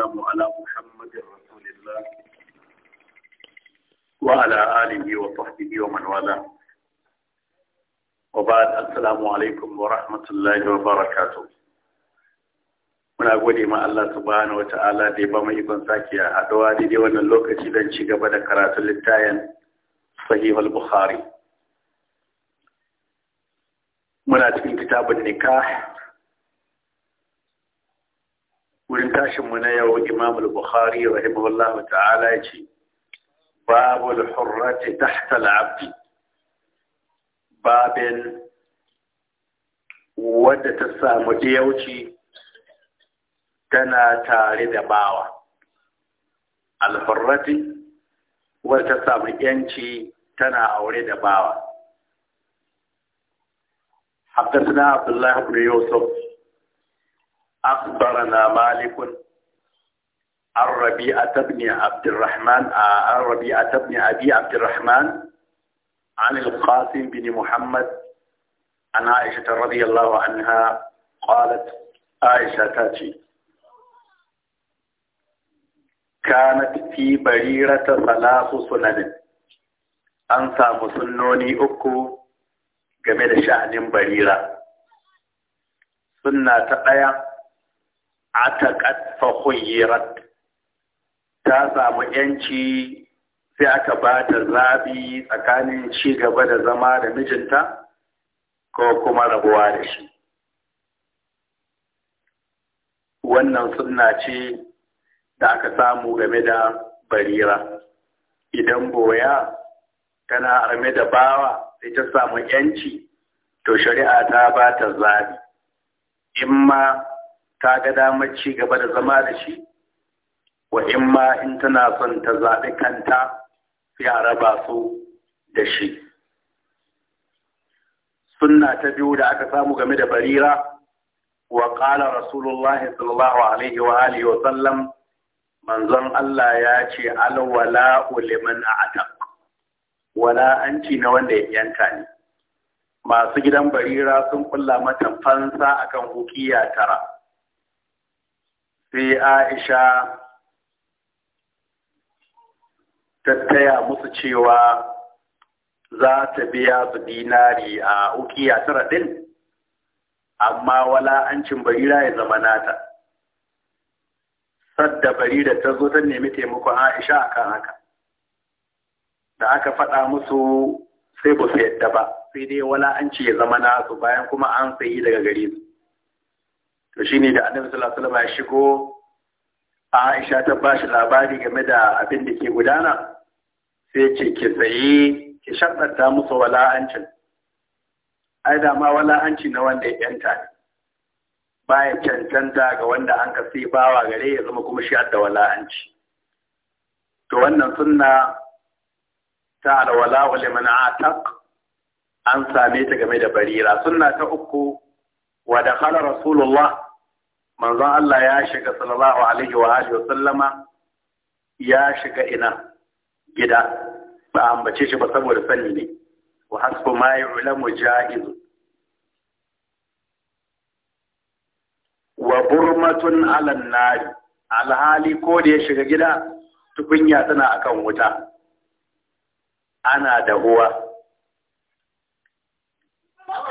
والسلام على محمد رسول الله وعلى آله وصحبه ومن والاه وبعد السلام عليكم ورحمة الله وبركاته muna gode ma Allah subhanahu wata'ala da ya ba ikon sake a haɗuwa daidai wannan lokaci don ci gaba da karatun littayen sahih al-bukhari muna cikin kitabun nikah wurin tashinmu na yau imam al-bukhari rahimahullahu ta'ala ya ce babu al-hurrati tahta al-abdi babin wadda ta samu diyauci tana tare da bawa al-hurrati wadda ta samu yanci tana aure da bawa حدثنا عبد الله بن يوسف أخبرنا مالك الربيعة بن عبد الرحمن الربيعة آه، بن أبي عبد الرحمن عن القاسم بن محمد عن عائشة رضي الله عنها قالت عائشة تاتي كانت في بريرة ثلاث سنن أنسى مسنوني أكو جميل شأن بريرة سنة تقيا atakat fa khuyyirat ta samu yanci sai aka ba ta zabi tsakanin ci gaba da zama da mijinta ko kuma rabuwa da shi wannan sunna ce da aka samu game da barira idan boya tana arme da bawa sai ta samu yanci to shari'a ta ba ta zabi in ma ta ga damar ci gaba da zama da shi wa in in tana son ta zaɓi kanta ya raba su da shi sunna ta biyu da aka samu game da barira wa ƙala rasulullah sallallahu alaihi wa alihi wa sallam manzon Allah ya ce alwala liman a'taq wala anci na wanda ya yanka ne masu gidan barira sun kulla mata fansa akan hukiya tara sai aisha ta taya musu cewa za ta biya su dinari a ukiya tara din amma wala an cin barira ya zama nata sadda barira ta zo ta nemi taimakon aisha akan haka da aka faɗa musu sai ba su yadda ba sai dai wala an ce ya zama nasu bayan kuma an sayi daga gare to shi ne da annabi sallallahu alaihi wasallam ya shigo Aisha ta ba shi labari game da abin da ke gudana sai ce ki tsaye ki shaddata musu wala'ancin ai da ma wala'anci na wanda ya yanta ne ya cancanta ga wanda an ka sai bawa gare ya zama kuma shi da wala'anci to wannan sunna ta alwala wa liman ataq an same ta game da barira sunna ta uku wa dakhala rasulullah manzon Allah ya shiga sallallahu alaihi wa alihi wa sallama ya shiga ina gida ba a ambace shi ba saboda sani ne wa hasbu ma ya'lamu ja'iz wa burmatun 'ala an-nar alhali ko da ya shiga gida tukunya tana akan wuta ana da huwa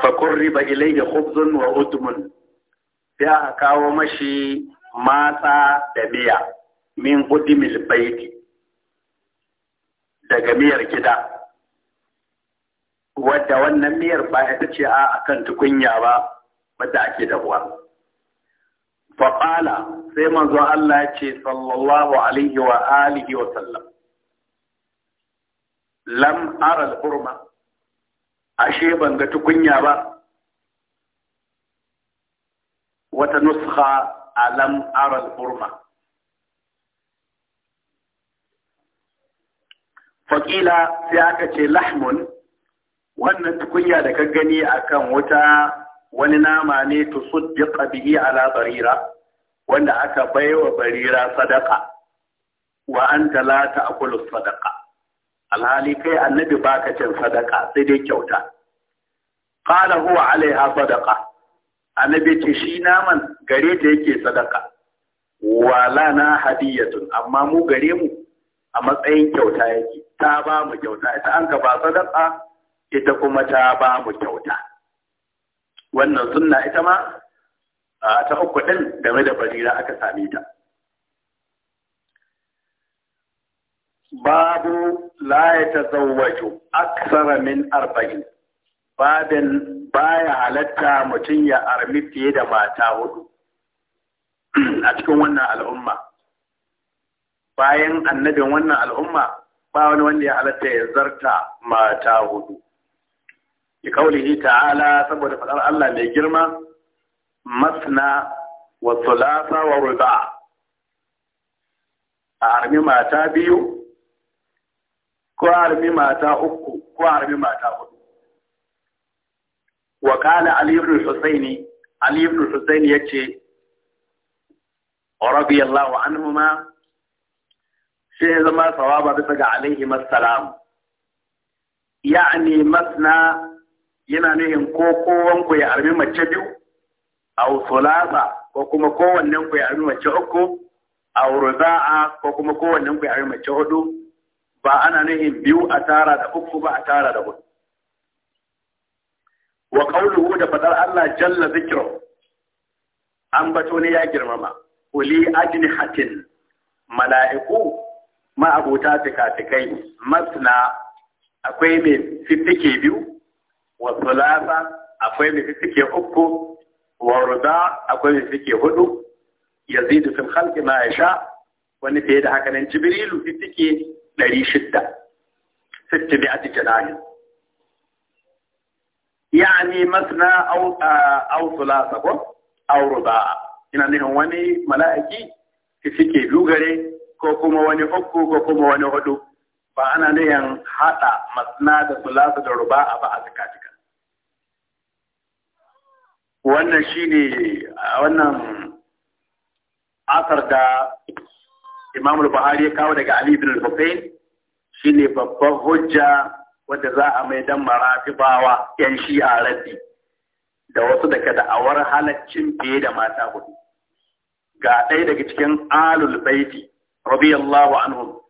fa qurriba ilayhi khubzun wa utmun sai a kawo mashi matsa da miya min mil baiti daga miyar gida wadda wannan miyar ba ita ce a akan tukunya ba wadda ake dahuwa faƙala sai manzo Allah ya ce sallallahu alaihi wa alihi wa sallam lam aral hurma ashe ban ga tukunya ba wata nusha alam aral urma faƙila sai aka ce lahmun wannan tukunya da ka gani akan wuta wani nama ne to suddiqa bihi ala barira wanda aka baiwa barira sadaka wa talata a ta'kulu sadaqa alhali kai annabi baka cin sadaka sai dai kyauta qala huwa alaiha sadaka annabi ce shi naman gare ta yake sadaka wala na hadiyatun amma mu gare mu a matsayin kyauta yake ta ba mu kyauta ita an ka ba sadaka ita kuma ta ba mu kyauta wannan sunna ita ma ta uku din game da barira aka same ta babu la ya tazawwaju aksara min arba'in babin baya halatta mutum ya armi fiye da mata hudu a cikin wannan al'umma bayan annabin wannan al'umma ba wani wanda ya halatta ya zarta mata hudu kauli kaulihi ta'ala saboda faɗar Allah mai girma masna wa thulatha wa ruba a armi mata biyu ko armi mata uku ko armi mata hudu wa kana Ali ibn Husayn Ali ibn Husayn yace radiyallahu anhuma sai ya zama sawaba bisa ga alaihi assalam ya'ni masna yana nihin ko kowan ku ya armi mace biyu aw sulasa ko kuma kowannen ku ya armi mace uku aw ruza'a ko kuma kowannen ku ya armi mace hudu ba ana nihin biyu a tara da uku ba a tara da hudu wa qawluhu da fadar Allah jalla zikru an bato ne ya girmama uli hatin? mala'iku ma abota tikatikai masna akwai mai fiffike biyu wa sulasa akwai mai fiffike uku wa ruda akwai mai fiffike hudu yazidu fil na ya sha. wani fiye da haka ɗari shidda, fiffike 600 60 na janahin yani masna au au sulasa ko au ruba. ina nufin wani mala'iki suke biyu gare ko kuma wani uku ko kuma wani hudu ba ana nufin haɗa masna da sulasa da ruba a ba a cika wannan shine wannan asar da Imam Buhari ya kawo daga Ali bin Hussein shine babban hujja wadda za a mai dan marafibawa yan a rabbi da wasu daga da'awar halaccin fiye da mata hudu ga ɗaya daga cikin alul baiti rabi wa anhu,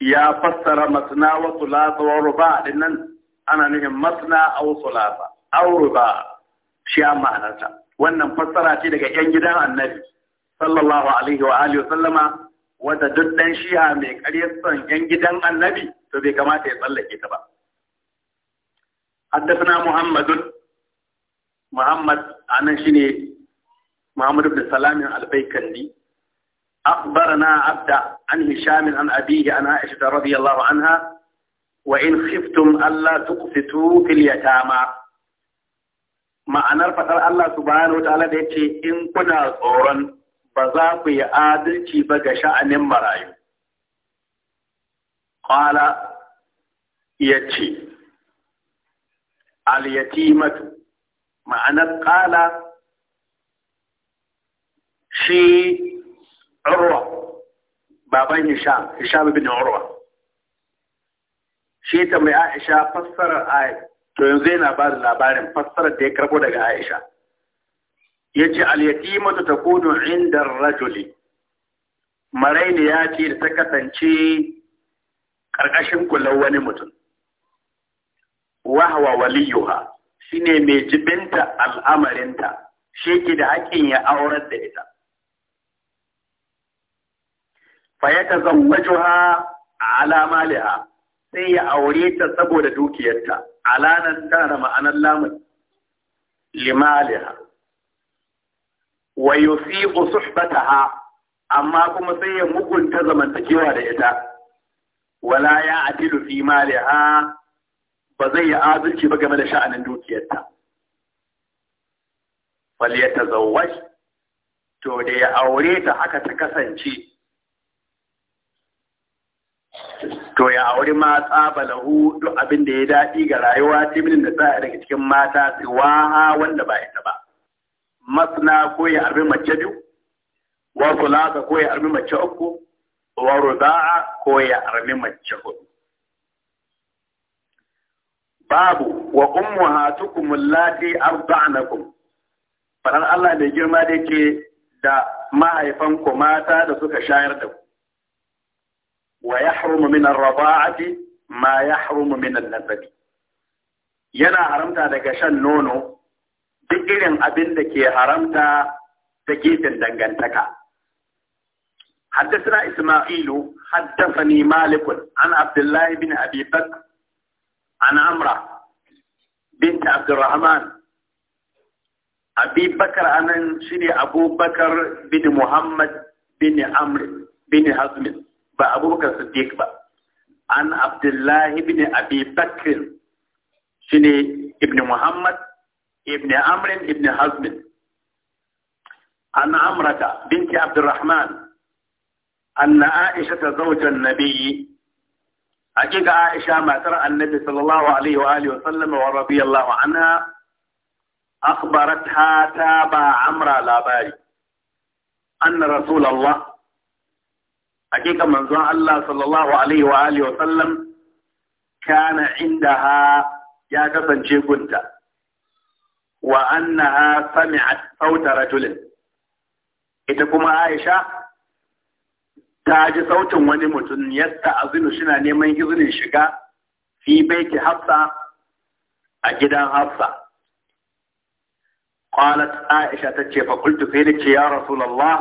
ya fassara masna wa thulatha wa ruba din nan ana nufin masna aw thulatha aw ruba shi a ma'anarta wannan fassara ce daga yan gidan annabi sallallahu alaihi wa alihi wa sallama wadda duk dan shiha mai ƙaryar son yan gidan annabi to bai kamata ya tsallake ta ba haddathana muhammadun muhammad anan shine muhammad ibn salam al-baykandi أخبرنا an عن هشام عن أبيه عن عائشة رضي الله عنها وإن خفتم ألا تقسطوا في اليتامى ma'anar faɗar Allah subhanahu wataala da yace in kuna tsoron ba za ku yi adalci ba ga sha'anin marayu Ƙwala ya ce, Al-yatimatu, ma'anar ƙala shi Urwa, baban Hisham, Hisham bin Urwa. Shi ta mai Aisha fassarar ayat, to yanzu yana ba da labarin fassarar da ya karbo daga Aisha. Ya ce, Al-yatimatu ta kunu inda rajuli, maraini ya ce da ta kasance ƙarƙashin kulan wani mutum wahwa waliyuha shine mai jibinta al'amarinta shi ke da haƙƙin ya aurar da ita fayata ya a alama liha sai ya aure ta saboda dukiyarta alanan tara ma'anar lamun limaliha Wayo fi amma kuma sai ya mugunta zamantakewa da ita wala ya adilu fi maliha ba zai yi azurci ba game da sha'anin dukiyarta wal ya to da ya aure ta haka ta kasance to ya auri tsaba balahu duk abin da ya daɗi ga rayuwa tibinin da za a daga cikin mata waha wanda ba ita ba masna ko ya arbi mace biyu wasu lasa ko ya arbi mace uku waru ruda'a ko ya armi mace hudu babu wa ummahatukum allati arda'nakum faran Allah mai girma da yake da mahaifanku mata da suka shayar da ku wa yahrumu min arda'ati ma yahrumu min an-nasabi yana haramta daga shan nono duk irin abin da ke haramta ta gefen dangantaka حدثنا إسماعيل حدثني مالك عن عبد الله بن أبي بكر عن عمرة بنت عبد الرحمن أبي بكر أنا شري أبو بكر بن محمد بن عمرو بن حزم بأبو بكر الصديق بقى عن عبد الله بن أبي بكر شني ابن محمد ابن عمرو ابن حزم عن عمرة بنت عبد الرحمن أن عائشة زوج النبي أجيك عائشة ما ترى النبي صلى الله عليه وآله وسلم ورضي الله عنها أخبرتها تابا عمرا لا باي أن رسول الله أجيك من الله صلى الله عليه وآله وسلم كان عندها يا كسن وأنها سمعت صوت رجل كما عائشة ta ji sautin wani mutum yadda azinu shina neman izinin shiga fi baiti hafsa a gidan hafsa qalat aisha ta ce fa qultu sai ce ya rasulullah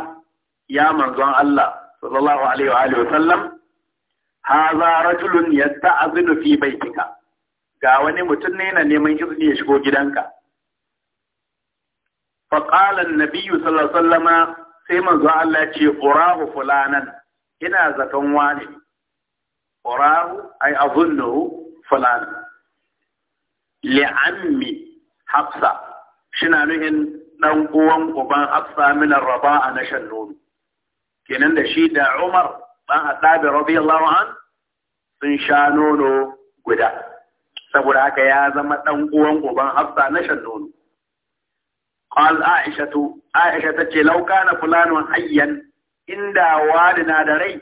ya manzon Allah sallallahu alaihi wa alihi wa sallam hadha rajulun yasta'zinu fi baitika ga wani mutum ne yana neman izini ya shigo gidanka fa qala an-nabiy sallallahu alaihi wa sallama sai manzon Allah ya ce urahu fulanan ina zaton wani urahu ay azunnu fulani. li'ammi hafsa shi na nuhin dan uwan uban hafsa min ar a nashan nono kenan da shi da Umar dan Hadabi radiyallahu an sun sha nono guda saboda haka ya zama dan uwan uban Hafsa na shan nono qal aishatu aisha tace law kana fulanun hayyan inda wani na da rai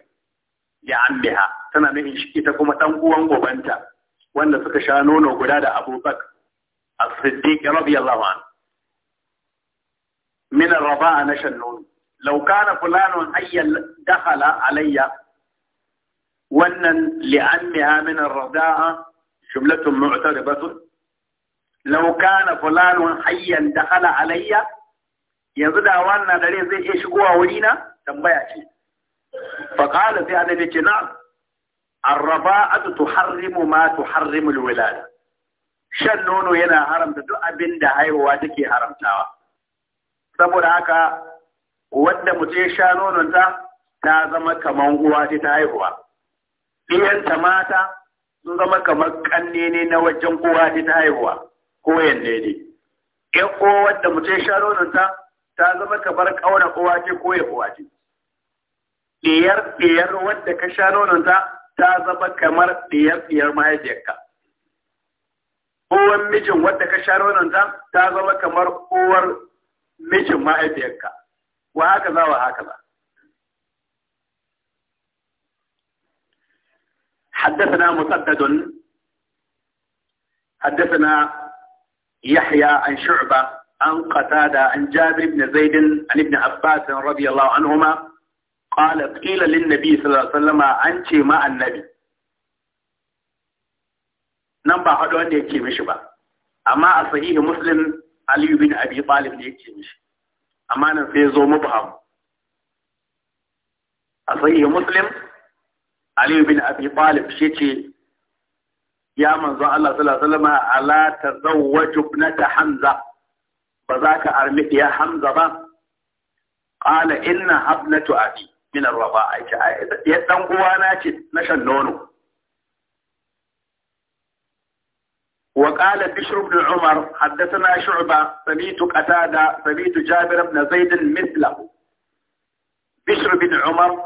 ya ambiha tana mai shike ta kuma dan uwan gobanta wanda suka sha nono guda da Abu abubakar as-siddiq radiyallahu anhu min ar-raba'a na shan nono law kana fulanun ayya dakhala alayya wannan li ammiha min ar rabaa jumlatun mu'taribatun law kana fulanun hayyan dakhala alayya yanzu da wannan dare zai iya shigowa wurina tambaya ce zai sai annabi ce na arraba'atu tuharrimu ma tuharrimu alwilada shan nono yana haramta duk abin da haihuwa take haramtawa saboda haka wanda mu ce sha nononta ta zama kamar uwa ce ta haihuwa iyanta mata sun zama kamar kanne ne na wajen uwa ce ta haihuwa ko yanne ne ƴan uwa mu ce sha nononta ta zama kamar ƙauna uwa ce ko ya uwa ɗiyar ɗiyar wadda ka sha nononta ta zama kamar ɗiyar ɗiyar mahaifiyarka. Uwar mijin wadda ka sha nononta ta zama kamar uwar mijin mahaifiyarka. Wa haka za wa haka za. حدثنا مسدد حدثنا يحيى عن شعبة عن قتادة عن جابر بن زيد عن ابن عباس رضي الله عنهما qala qila lin nabi sallallahu alaihi an ce ma annabi nan ba faɗo wanda yake mishi ba amma a sahihi muslim Aliyu bin abi talib ne yake mishi amma nan sai zo mubham a sahihi muslim Aliyu bin abi talib shi ce ya manzo Allah sallallahu alaihi wasallam ala tazawwaj ibnata hamza ba za ka armi ya hamza ba qala inna ibnatu abi min arwaba a ce ya dan uwana ce na shan nono وقال بشر بن عمر حدثنا Shu'ba, Sabitu, قتادة Sabitu, جابر بن زيد مثله بشر بن عمر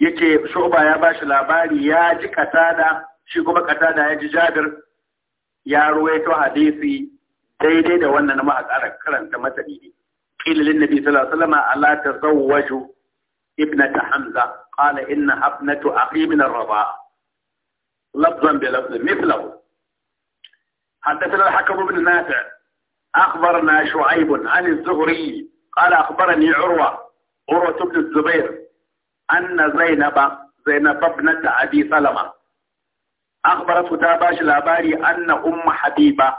yake shuba ya bashi labari ya ji katada shi kuma katada ya ji jabir ya ruwaito hadisi daidai da wannan ma a karanta mata ne kila lin nabi sallallahu alaihi wasallam ala tazawwaju ابنة حمزة قال إنها ابنة أخي من الرضاء لفظا بلفظ مثله حدثنا الحكم بن نافع أخبرنا شعيب عن الزهري قال أخبرني عروة عروة بن الزبير أن زينب زينب ابنة أبي سلمة أخبرت تاباش الأباري أن أم حبيبة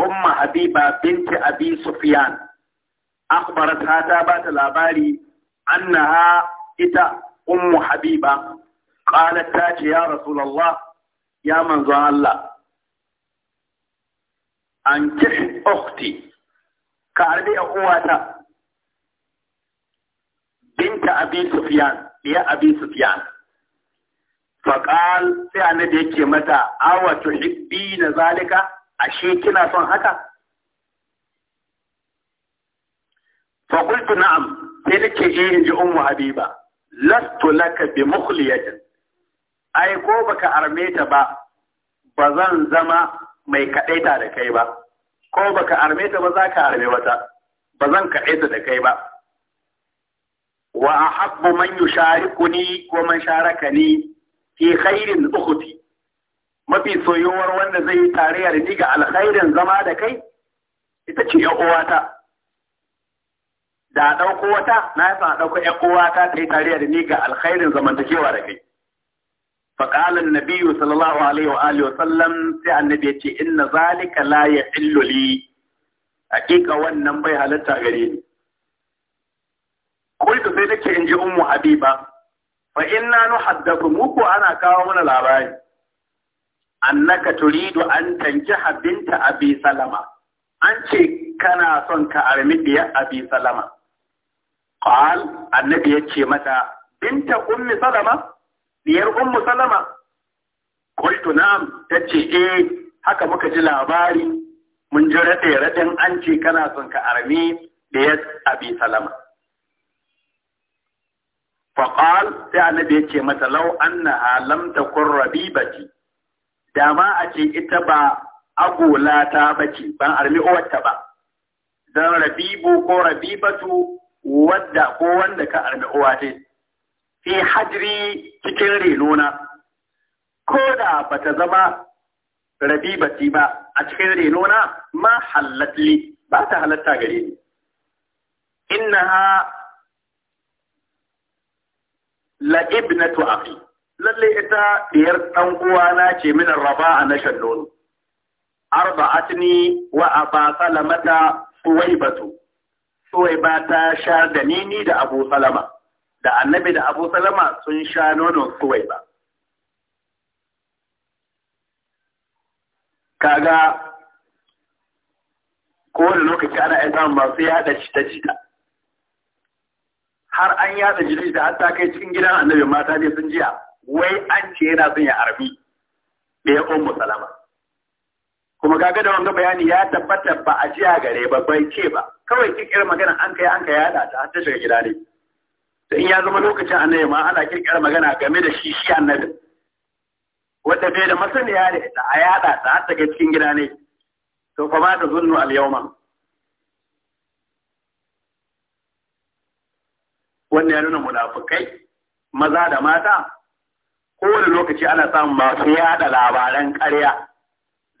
أم حبيبة بنت أبي سفيان أخبرتها تابات الأباري أنها إتى أم حبيبة قالت تاج يا رسول الله يا من ظهر الله أنكح أختي كاربي أخواتا بنت أبي سفيان يا أبي سفيان فقال في أن ديك متى أو تحبين ذلك أشيكنا صنحك فقلت نعم sai nake ummu habiba lastu laka bi mukhliyatin ai ko baka arme ta ba ba zama mai kadaita da kai ba ko baka arme ta ba za ka arme wata ba kadaita da kai ba wa ahabbu man yusharikuni wa man sharakani fi khairin ukhti mafi soyuwar wanda zai yi tarayya da ni ga alkhairin zama da kai ita ce uwata da a ɗauko wata na yasa a ɗauko ‘yan uwa ta ta yi tariya da ni ga alkhairin zamantakewa da kai. Faƙalan Nabiyu sallallahu alaihi wa alihi wa sallam sai annabi ya ce inna zalika la ya illoli hakika wannan bai halatta gare ni. Kultu sai nake in ji Ummu Habiba fa inna nu haddathu muku ana kawo mana labari. Annaka turidu an tankiha binta Abi Salama. An ce kana son ka armi diyar Abi Salama. qal annabi yace mata binta ummi salama diyar ummu salama qultu na'am tace eh haka muka ji labari mun ji rade raden an ce kana son ka armi diyar abi salama faqal sai annabi yace mata law annaha lam takun rabibati dama a ce ita ba agolata bace ban armi uwarta ba dan rabibu ko rabibatu wadda ko wanda ka armi uwa ce fi hajri cikin renona ko da bata zama rabibati ba a cikin renona ma halatli ba ta halatta gare ni innaha la ibnatu akhi lalle ita diyar dan na ce min a na shan nono arba'atni wa aba salamata suwaibatu suwai ba ta sha da nini da abu salama da annabi da abu salama sun sha nono suwai ba kaga kowane lokaci ana iya samun masu yada cita-cita har an yada jita da hatta kai cikin gidan annabi mata ne sun jiya wai an ce yana son ya armi ɗaya ummu kuma gaga da wanga bayani ya tabbata ba a jiya gare ba bai ce ba kawai kirkirar magana an kai an kai yada ta har ta shiga gida ne to in ya zama lokacin annabi ma ana kirkirar magana game da shi shi annabi wanda bai da masaniya ne da a yada ta har ta cikin gida ne to fa ba ta zunnu al yawma wannan ya nuna munafukai maza da mata kowane lokaci ana samun masu yada labaran ƙarya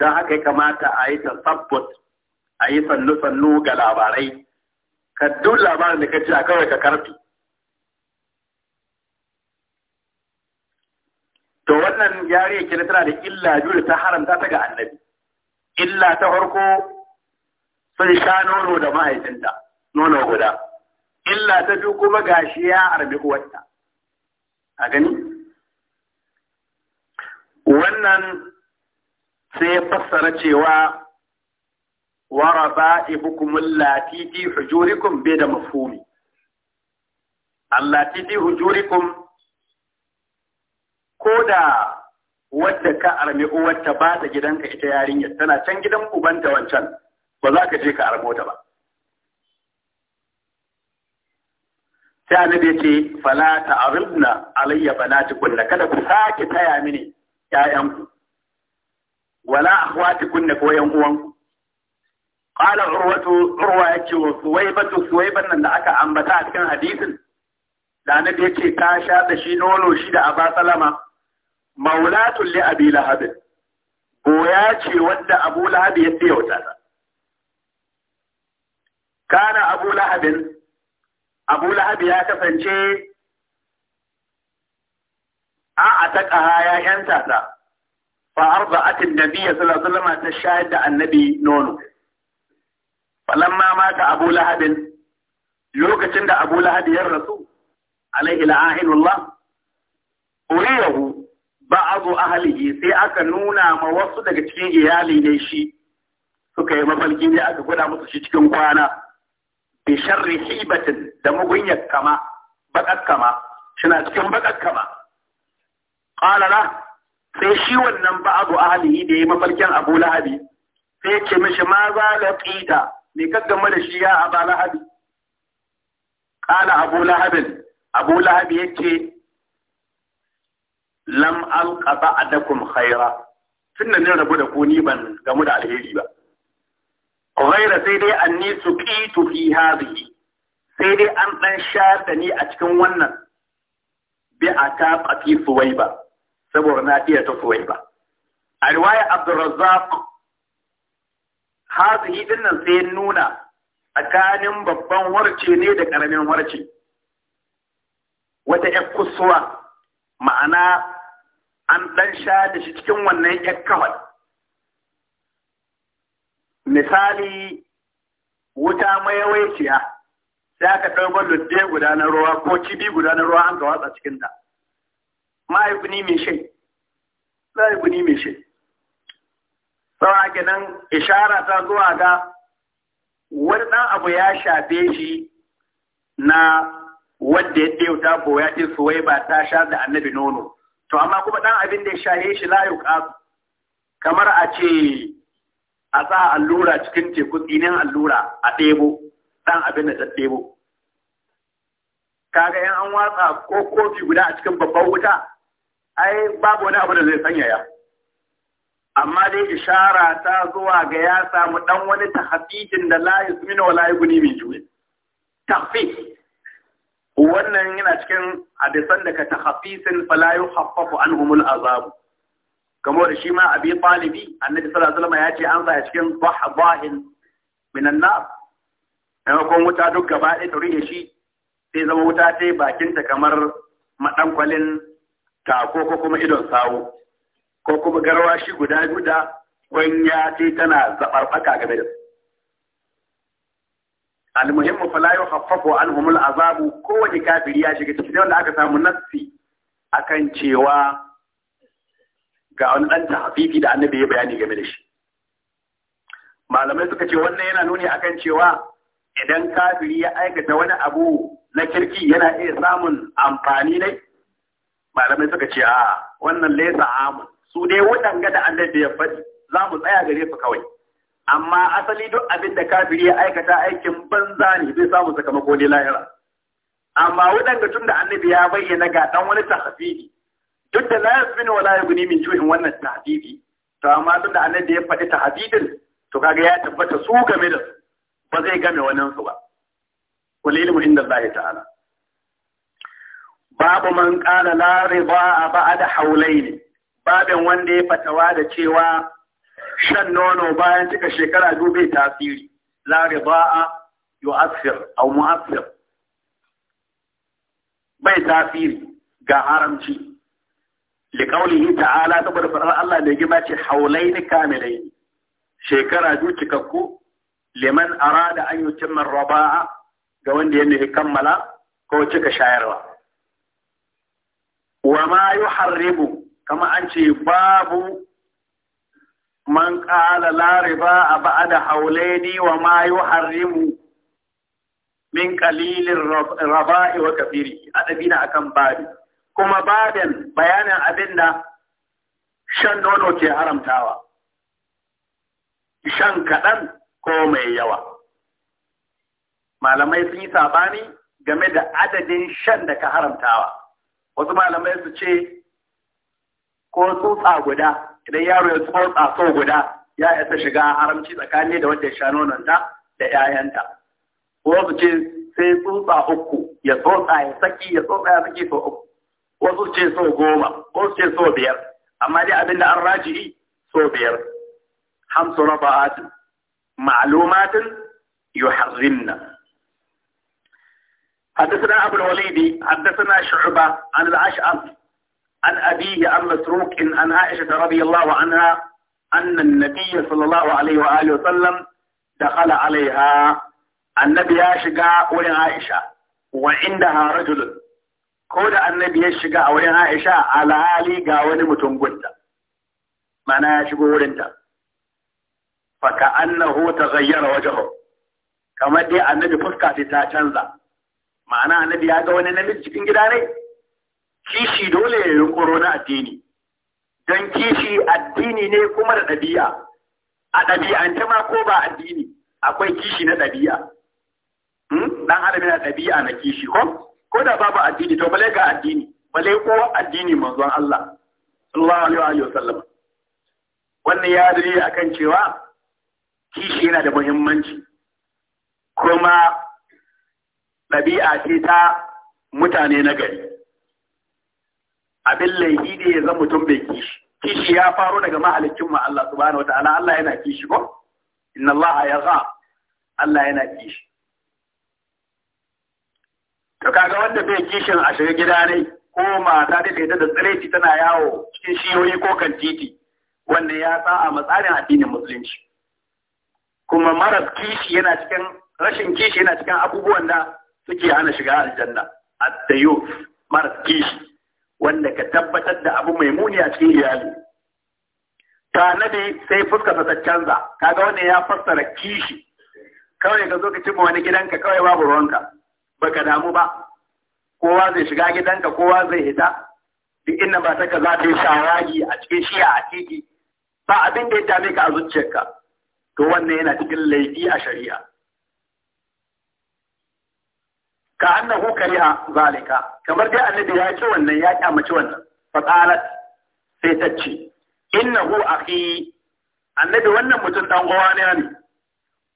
don haka ya kamata a yi ta tasabbut a yi sannu-sannu ga labarai ka duk labarin da ka ci a kawai ka karfi to wannan yare ke tana da illa biyu da ta haramta ta ga annabi illa ta farko sun sha nono da mahaifinta nono guda illa ta biyu kuma gashi ya arbi uwarta a gani wannan sai ya fassara cewa wa raba'ibukum allati fi hujurikum bai da mafhumi allati fi Ko da wadda ka armi uwarta ba ta gidanka ita yarinyar tana can gidan ubanta wancan ba za ka je ka armo ba sai annabi ya ce fala ta'arudna alayya banatikunna kada ku sake taya mini 'ya'yanku. wala akhwatikunna ko yan uwanku qala urwatu urwa yace wa suwaybatu suwayban nan da aka ambata a cikin hadisin da annabi yace ta sha da shi nono shi da aba salama maulatul li abi lahab boya ce wanda abu lahab ya tsayauta ta kana abu lahabin abu lahab ya kasance a a taƙaha ya yanta ta fa arba'atin nabiyya sallallahu alaihi wasallam ta shayar da annabi nono falamma mata abu lahabin lokacin da abu lahab ya rasu alaihi la'ahinullah uriyahu ba'adu ahlihi sai aka nuna ma wasu daga cikin iyali ne shi suka yi mafarki ne aka gwada musu shi cikin kwana bi sharri hibatin da mugunyar kama bakar kama shina cikin bakar kama qala sai shi wannan ba'adu ahlihi da yayi mafarkin Abu Lahabi sai yake mishi ma za laqita me kaggama da shi ya Abu Lahabi qala Abu Lahabin Abu Lahabi yake lam alqa ba'dakum khaira tunda ne rabu da ku ni ban gamu da alheri ba ghaira sai dai anni suqitu fi hadhihi sai dai an ɗan sha da ni a cikin wannan bi aka qafi suwaiba saboda na iya ta koyi ba a riwaya abdurrazzaq hazihi din nan sai nuna tsakanin babban warce ne da ƙaramin warce wata ƴar kusuwa ma'ana an ɗan sha da shi cikin wannan ƴar kawai misali wuta ciya, sai aka ɗaukar ludde guda na ruwa ko cibi guda na ruwa an ga watsa cikinta ma'aibini mai shai ma'aibini mai shai sawa kenan ishara ta zuwa ga wani ɗan abu ya shafe shi na wanda ya ɗewta bo ya ɗin suwai ba ta sha da annabi nono to amma kuma ɗan abin da ya shahe shi layu ƙasu kamar a ce a sa allura cikin teku tsinin allura a ɗebo ɗan abin da ta ɗebo kaga yan an watsa ko kofi guda a cikin babban wuta ai babu wani abu da zai sanyaya amma dai ishara ta zuwa ga ya samu dan wani tahfidin da la yusmina wa la yughni min ju'i wannan yana cikin hadisan daga tahfisin fala yukhaffafu anhumul azab kamar da shi ma abi talibi annabi sallallahu alaihi wasallam ya ce an sa cikin min minan nar wuta duk gaba ɗaya ta shi sai zama wuta ta bakinta kamar madankwalin tako ko kuma idon sawo ko kuma garwashi guda guda kwanya ce tana zaɓarɓaka game da su. Almuhimmu fala yau haffafu an humul azabu kowane kafiri ya shiga cikin wanda aka samu nassi akan cewa ga wani ɗan hafifi da annabi ya bayani game da shi. Malamai suka ce wannan yana nuni akan cewa idan kafiri ya aikata wani abu na kirki yana iya samun amfani dai malamai suka ce a wannan laisa amun su dai waɗanga da annabi ya faɗi za mu tsaya gare su kawai amma asali duk abin da kafiri ya aikata aikin banza ne zai samu sakamako ne lahira amma waɗanda tun da annabi ya bayyana ga dan wani tahfifi duk da la yasminu wala yughni min ju'in wannan tahfifi to amma tun da annabi ya faɗi tahdidin to kaga ya tabbata su game da su ba zai game wani su ba wal inda Allah ta'ala babu man ƙala la riba a haulai ne babin wanda ya fatawa da cewa shan nono bayan cika shekara biyu tasiri la riba yu'assir aw mu'assir bai tasiri ga haramci yi ta'ala saboda faɗar Allah da gima ce haulai haulaini kamilaini shekara biyu cikakku liman arada an cimman raba'a ga wanda ya kammala ko cika shayarwa wa ma yuharrimu kama an ce babu man ƙala la riba a ba'da haulaini wa ma Harimu, min ƙalilin raba'i wa kafiri adabina akan babi kuma babin bayanin abinda shan nono ke haramtawa shan kaɗan ko mai yawa malamai sun yi saɓani game da adadin shan da ka haramtawa wasu malamai su ce ko tsutsa guda idan yaro ya tsotsa so guda ya isa shiga haramci tsakani da wanda ya sha nononta da 'ya'yanta wasu ce sai tsotsa uku ya tsotsa ya saki ya tsotsa ya saki so uku wasu ce so goma wasu ce so biyar amma dai abin da an raji'i so biyar hamsu rafa'atin ma'lumatin yuharrimna حدثنا أبو الوليد حدثنا شعبة عن الاشعث عن أبيه عن مسروق عن عائشة رضي الله عنها أن النبي صلى الله عليه وآله وسلم دخل عليها النبي يشقى ولعائشه وعندها رجل كود النبي يشقى ولعائشه عائشة على آلي قاوني متنقلت معنى يشقى أولي فكأنه تغير وجهه كما دي النبي فسكة تتاكنزه ma'ana annabi ya ga wani namiji cikin gida ne kishi dole ya yunkuro na addini don kishi addini ne kuma da ɗabi'a a ɗabi'ance ma ko ba addini akwai kishi na ɗabi'a dan hmm? adam yana ɗabi'a na kishi ko ko da babu addini to bale ga addini bale ko addini manzon Allah sallallahu alaihi wa sallam wannan ya dalili akan cewa kishi yana da muhimmanci kuma ɗabi'a ce ta mutane na gari abin laifi ne ya zama mutum bai kishi kishi ya faro daga mahalicin ma Allah subhanahu wataala Allah yana kishi ko inna Allah ya za Allah yana kishi to kaga wanda bai kishin a shiga gida ne ko mata da ta da tsireci tana yawo cikin shiyoyi ko kan titi wanda ya sa a matsarin addinin musulunci kuma maras kishi yana cikin rashin kishi yana cikin abubuwan da suke hana shiga aljanna at-tayyuf maras kishi wanda ka tabbatar da abu mai muni a cikin iyali Ta nabi sai fuska ta canza kaga wanda ya fassara kishi kawai ka zo ka cimma wani gidanka kawai babu ruwanka baka damu ba kowa zai shiga gidanka kowa zai hita duk inda ba ta ka za ta yi shawagi a cikin shiya a titi ba abin da ya dame ka a zuciyarka to wannan yana cikin laifi a shari'a ka annahu kariha zalika kamar dai annabi ya ce wannan ya kyamaci wannan fa sai ta ce innahu akhi annabi wannan mutum dan uwa ne ne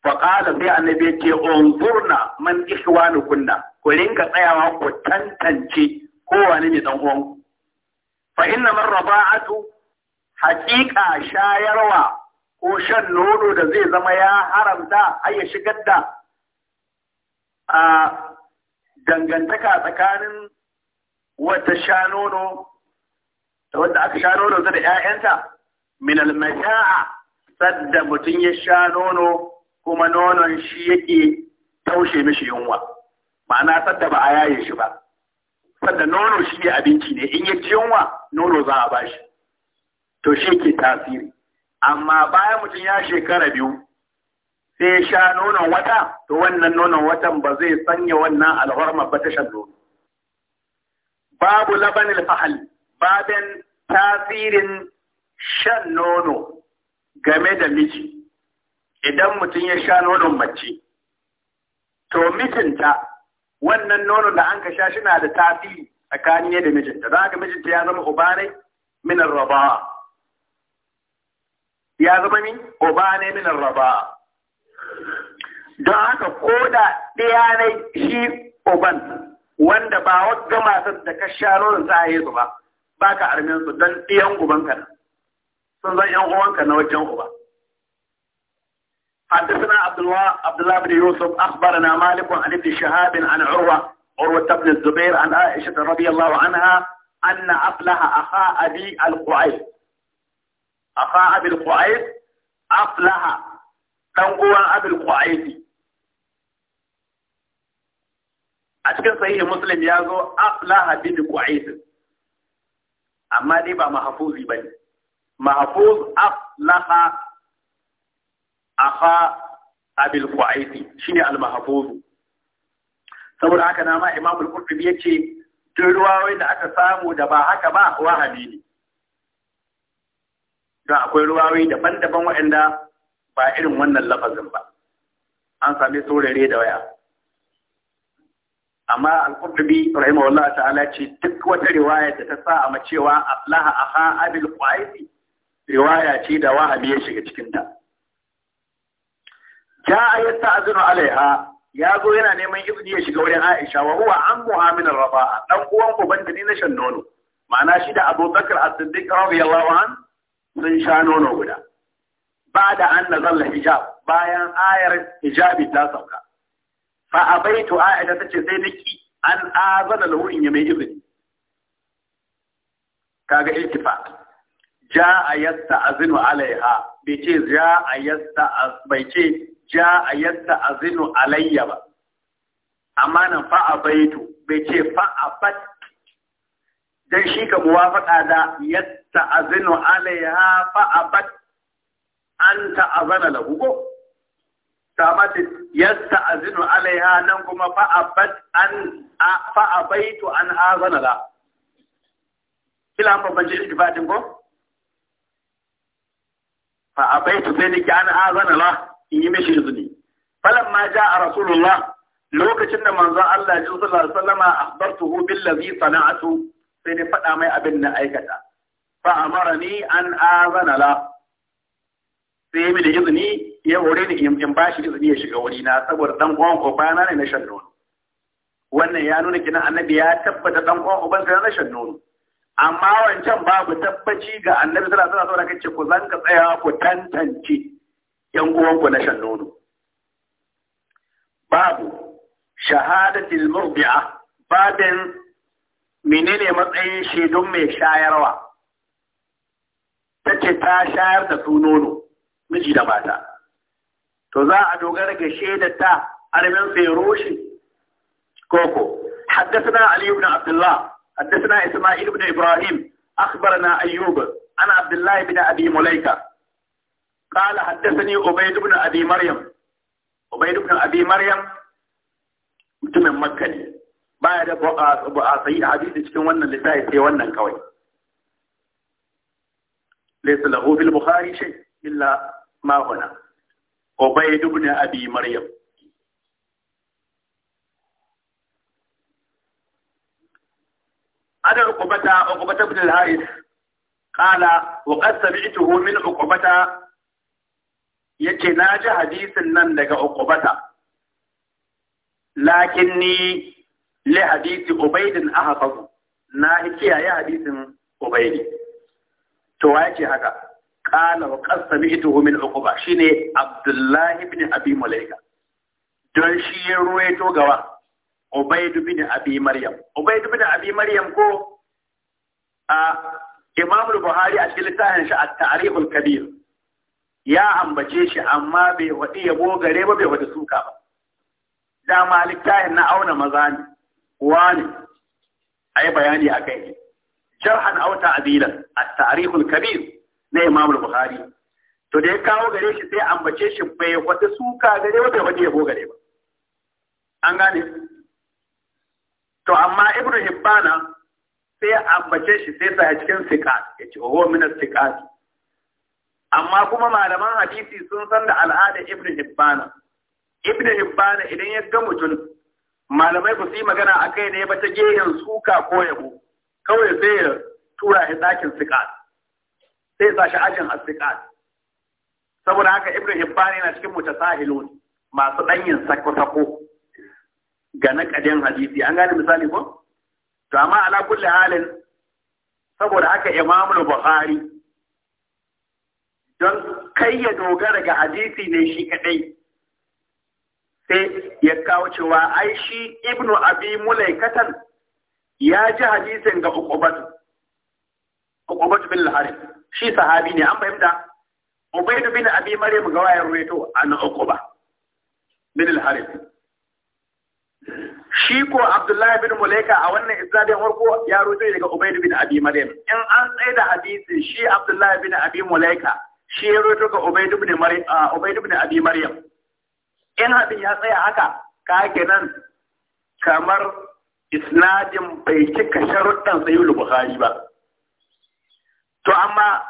fa qala sai annabi ya ce unzurna man ihwanukunna ku rinka tsayawa ku tantance kowane ne dan uwan fa inna man haqiqa shayarwa ko shan nono da zai zama ya haramta ai shigar da a dangantaka tsakanin wata sha nono da wanda aka sha nono da ‘ya'yanta min almata'a sadda mutum ya sha nono kuma nonon shi yake taushe mishi yunwa ma'ana sadda ba a yaye shi ba sadda nono shi ne abinci ne in ya ci yunwa nono za a bashi to shi ke tasiri amma bayan mutum ya shekara biyu sai sha nonon wata to wannan nonon watan ba zai sanya wannan alhorma ba ta shan nono babu laban fahal babin tasirin shan nono game da miji idan mutum ya sha nonon mace to mijinta wannan nonon da an ka sha shina da tasiri tsakanin da mijinta za ka mijinta ya zama ubanai minar rabawa. ya zama min ubanai minar rabawa. don haka ko da ɗaya na shi uban wanda ba wata gama da ka za a yi ba ba ka armin su don ɗiyan ka na sun zan yan ka na wajen uba حدثنا عبد الله عبد الله بن يوسف اخبرنا مالك عن ابن شهاب عن عروه عروه بن الزبير عن عائشه رضي الله عنها ان افلح اخا ابي القعيد اخا ابي القعيد dan uwan abul qaisi a cikin sahihin muslim ya zo aflaha bin qaisi amma dai ba mahfuzi bane mahfuz aflaha afa abul qaisi shine al mahfuz saboda haka na ma imam al-qurtubi yace duk ruwayoyin da aka samu da ba haka ba wahabi ne don akwai ruwawai daban-daban waɗanda ba irin wannan lafazin ba an sami saurare da waya amma al-qurtubi rahimahullah ta'ala ce duk wata riwaya da ta sa a macewa aflaha aha abil qaisi riwaya ce da wahabi ya shiga cikin ta ja'a yasta'zinu alaiha ya zo yana neman izini ya shiga wurin Aisha wa huwa an Muhammadin rabaa dan uwan uban da ni na shan nono ma'ana shi da Abu Bakar As-Siddiq radiyallahu an sun sha nono guda ba da an zalla hijab bayan ayar hijabi ta sauka fa a abaitu aida ce sai niki an azana lahu in mai izini kaga iltifat jaa yasta'zinu alaiha bai ce a yasta bai ce ja a a zinu alayya ba amma nan fa baitu, bai ce fa a bat, dan shi ka muwafaqa da yasta zinu alaiha fa a bat! an ta'azana lahu ko kamata yasta'azinu alaiha nan kuma fa'abat an fa'abaitu an azana la kila bambance istifatin ko fa fa'abaitu sai nake an azana la in yi mishi izini falamma ja'a rasulullah lokacin da manzon Allah ji sallallahu alaihi wasallama akhbartuhu billazi sana'atu sai ni fada mai abin na aikata fa amarani an azana la sai mai da izini ya wuri ni in ba shi izini ya shiga wuri na saboda dan uwan na ne na shan nono wannan ya nuna kina annabi ya tabbata dan uwan uban sai na shan nono amma wancan babu tabbaci ga annabi sallallahu alaihi wasallam kace ku zanka tsaya ku tantance yan uwan ku na shan nono babu shahada murbi'a babin menene matsayin shaidun mai shayarwa tace ta shayar da su nono miji da mata to za a dogara ga shaidar ta armin sai koko haddasa علي بن عبد الله حدثنا إسماعيل بن إبراهيم أخبرنا أيوب عن عبد الله بن أبي مليكة قال حدثني عبيد بن أبي مريم عبيد بن أبي mutumin Makka ne baya da ba a sayi hadisi cikin wannan littafi sai wannan kawai laysa lahu bil bukhari shay illa mahuna huna ubayd ibn abi maryam أنا عقبة عقبة بن الحارث قال وقد سمعته من عقبة yake na ji hadisin nan daga uqubata lakinni li hadisi ubaidin ahfazu na kiyaye hadisin ubayd to wa yake haka qala wa qad sami'tuhu min uqba shine Abdullahi bin abi malaika don shi ya ruwaito gawa ubaid ibn abi maryam Ubaidu bin abi maryam ko a imam buhari a cikin littafin shi a tarif kabir ya ambace shi amma bai wadi yabo gare ba bai wadi suka ba da malikin na auna maza ne wani ai bayani akai jarhan aw ta'dilan at-ta'rif kabir na Imam Bukhari to da ya kawo gare shi sai ambace shi bai wata suka gare wata bai yabo gare ba an gane to amma Ibn Hibbana sai ambace shi sai sa a cikin sikat ya ce oho min sikat amma kuma malaman hadisi sun san da al'ada Ibn Hibbana Ibn Hibbana idan ya ga mutum malamai ku yi magana a kai ne ba ta gehen suka ko yabo kawai sai ya tura shi Sika sikat sai sa shi ajin asdiqat saboda haka ibnu hibban yana cikin mutasahilun masu ɗanyin sako sako ga nakadin hadisi an gane misali ko to amma ala kulli halin saboda haka imamul bukhari don kai ya dogara ga hadisi ne shi kadai sai ya kawo cewa ai shi ibnu abi mulaikatan ya ji hadisin ga uqubatu uqubatu bin harith shi sahabi ne an fahimta ubaidu bin abi maryam ga wayar ruwaito an ba. Min al-harith shi ko abdullahi bin mulaika a wannan isnadin warko, ya ruwaito daga ubaidu bin abi maryam in an tsaye da hadisi shi abdullahi bin abi mulaika shi ya ruwaito ga ubaidu bin maryam ubaidu bin abi maryam in hadin ya tsaya haka ka nan kamar isnadin bai cika sharuɗan sayyid bukhari ba to amma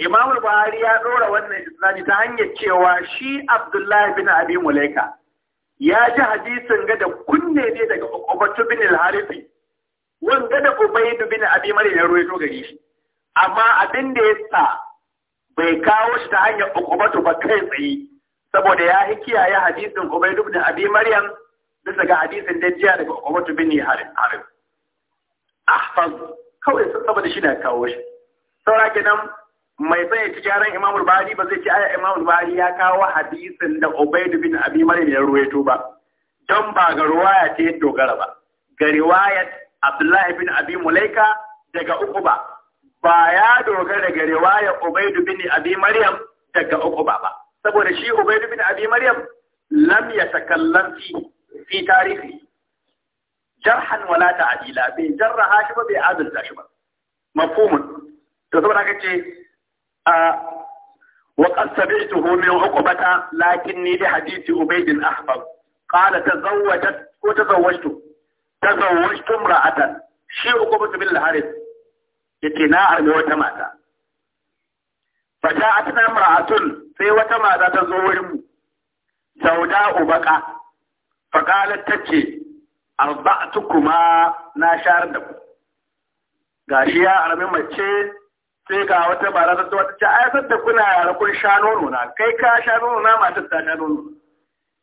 Imam Buhari ya ɗora wannan isnadi ta hanyar cewa shi Abdullahi bin Abi Mulaika ya ji hadisin ga da kunne ne daga Ubatu bin al-Harifi wanda da Ubaydu bin Abi Maryam ya ruwaito gare shi amma abin da ya sa bai kawo shi ta hanyar Ubatu ba kai tsaye saboda ya yi kiyaye hadisin Ubaydu bin Abi Maryam bisa ga hadisin da jiya daga Ubatu bin Harif Ahfaz kawai saboda shi na kawo shi saura kenan mai sanya cikin Imam Buhari ba zai ce ai Imam Buhari ya kawo hadisin da Ubaid bin Abi Maryam ya ruwaito ba don ba ga ruwaya ce dogara ba ga riwayat Abdullahi bin Abi Mulaika daga uku ba ba ya dogara ga riwayar Ubaid bin Abi Maryam daga uku ba ba, saboda shi Ubaid bin Abi Maryam lam yatakallam fi fi tarihi jarhan wala ta'dila bai jarraha shi ba bai adalta shi ba mafhumun to saboda haka ce a wa qad sami'tuhu min lakin ni bi hadisi ubayd bin ahbab qala tazawwajat ko ta tazawwajtu imra'atan shi uqbatu bil harith yace na arme wata mata a ja'at ra'atun sai wata mata ta zo wurin mu sauda ubaka fa ta ce arba'tukuma na shar da ku gashi ya arme mace sai ka wata bara ta wata ta ai da kuna yara kun sha nono na kai ka sha nono na matar ta sha nono